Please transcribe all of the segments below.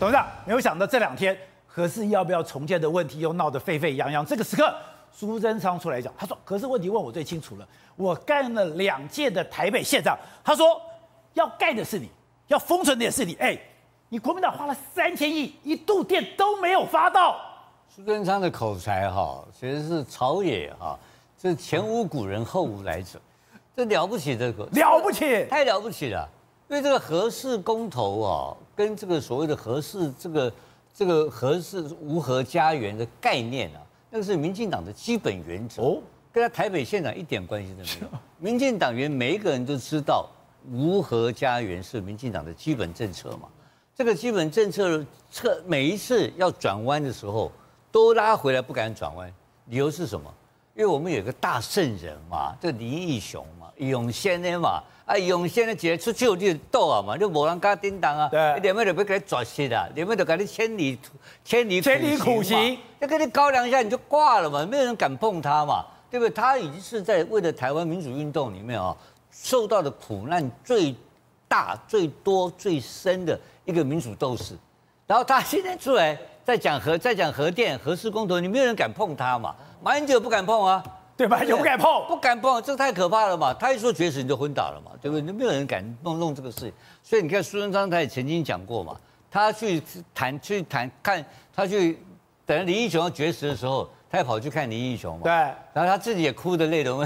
董事長沒有想到這，這兩天核四要不要重建的問題又鬧得沸沸揚揚。這個時刻，蘇貞昌出來講，他說：“核四問題問我最清楚了，我幹了兩屆的台北縣長。”他說：“要蓋的是你，要封存的也是你。哎、欸，你國民黨花了三千億，一度電都沒有發到。”蘇貞昌的口才哈、哦，其實是朝野哈、哦，這前無古人後無來者，嗯、這了不起這個，了不起是不是？太了不起了。因為這個核四公投啊，跟這個所謂的核四這個、這個核四無核家園的概念啊，那個是民進黨的基本原則，哦、跟他台北縣長一點關係都沒有。啊、民進黨員每一個人都知道，無核家園是民進黨的基本政策嘛。這個基本政策策每一次要轉彎的時候，都拉回來不敢轉彎，理由是什麼？因為我們有一個大聖人嘛，這個、林義雄嘛。湧現的嘛，啊湧現的，只要出手我就得鬥啊嘛，就無人敢叮噹啊，你面對就都給你抓食的，裡面都給你千里千里，千里苦行，要跟你高兩下你就掛了嘛，沒有人敢碰他嘛，對不對？他已經是在為了台灣民主運動裡面啊、哦，受到的苦難最大、最多、最深的一個民主鬥士，然後他現在出來再講核再講核電核四公投，你沒有人敢碰他嘛？馬英九不敢碰啊。對吧？有不敢碰，不敢碰，這太可怕了嘛！他一說絕食你就昏倒了嘛，對不對？就沒有人敢弄弄這個事情。所以你看，蘇貞昌他也曾經講過嘛，他去談去談，看他去等林義雄要絕食的時候，他也跑去看林義雄嘛。對。然後他自己也哭得淚流，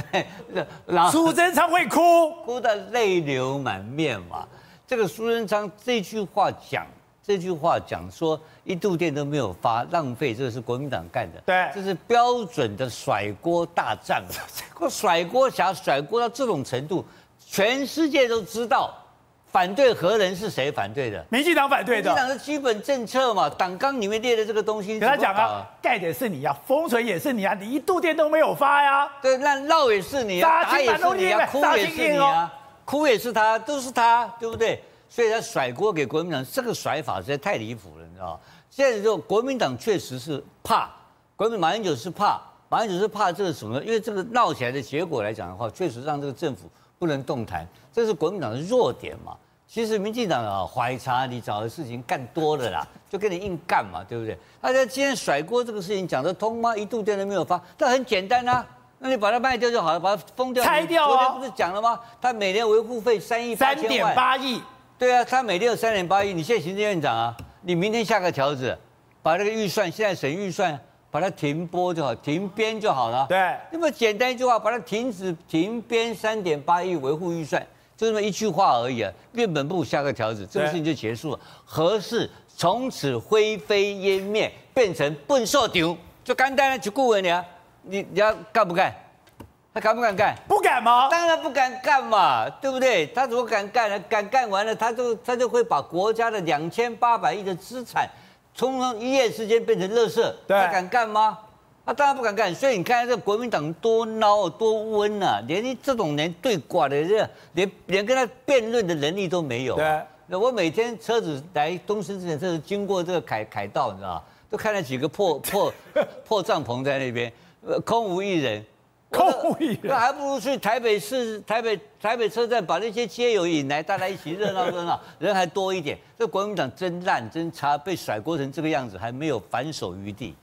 蘇貞昌會哭，哭得淚流滿面嘛。這個蘇貞昌這句話講。這句話講說，一度電都沒有發，浪費，這是國民黨幹的。對，這是標準的甩鍋大戰了。甩鍋俠甩鍋到這種程度，全世界都知道，反對何人是誰反對的？民進黨反對的。民進黨的基本政策嘛，黨綱裡面列的這個東西、啊。跟他講啊，蓋的是你啊，封存也是你啊，你一度電都沒有發呀。對，那鬧也是你、啊，也是你，啊也，是你啊，也是你啊，哭也是你啊，哭也是他，都是他，對不對？所以他甩鍋給國民黨，這個甩法實在太離譜了，你知道現在就國民黨確實是怕，國民馬英九是怕，馬英九是怕這個什麼呢？因為這個鬧起來的結果來講的話，確實讓這個政府不能動彈，這是國民黨的弱點嘛。其實民進黨啊，懷查你找的事情幹多了啦，就跟你硬幹嘛，對不對？大家今天甩鍋這個事情講得通嗎？一度電都沒有發，但很簡單啊，那你把它賣掉就好了，把它封掉，拆掉啊、哦！昨天不是講了嗎？它每年維護費三億，三點八億。對啊，他每天有三點八億，你現在行政院長啊，你明天下個條子，把這個預算現在省預算把它停撥就好，停編就好了。對，那麼簡單一句話，把它停止停編三點八億維護預算，就這麼一句話而已啊。院本部下個條子，對這個事情就結束了，核四從此灰飛煙滅，變成糞掃堆就簡單了，就過你啊，你你要幹不幹？他敢不敢幹？不敢嗎？當然不敢幹嘛，對不對？他怎麼敢幹呢？敢幹完了，他就，他就會把國家的兩千八百億的資產，從一夜之間變成垃圾。對他敢幹嗎？他當然不敢幹。所以你看，這個、國民黨多孬多溫啊！連這種連對掛的人，連連跟他辯論的能力都沒有、啊。對，我每天車子來東之前行是經過這個凱凱道，你知道嗎？都看了幾個破破破帳篷在那邊， 空無一人。那還不如去台北市、台北、台北車站，把那些街友引來，大家一起熱鬧熱鬧，人還多一點。這國民黨真爛，真差，被甩鍋成這個樣子，還沒有反手餘地。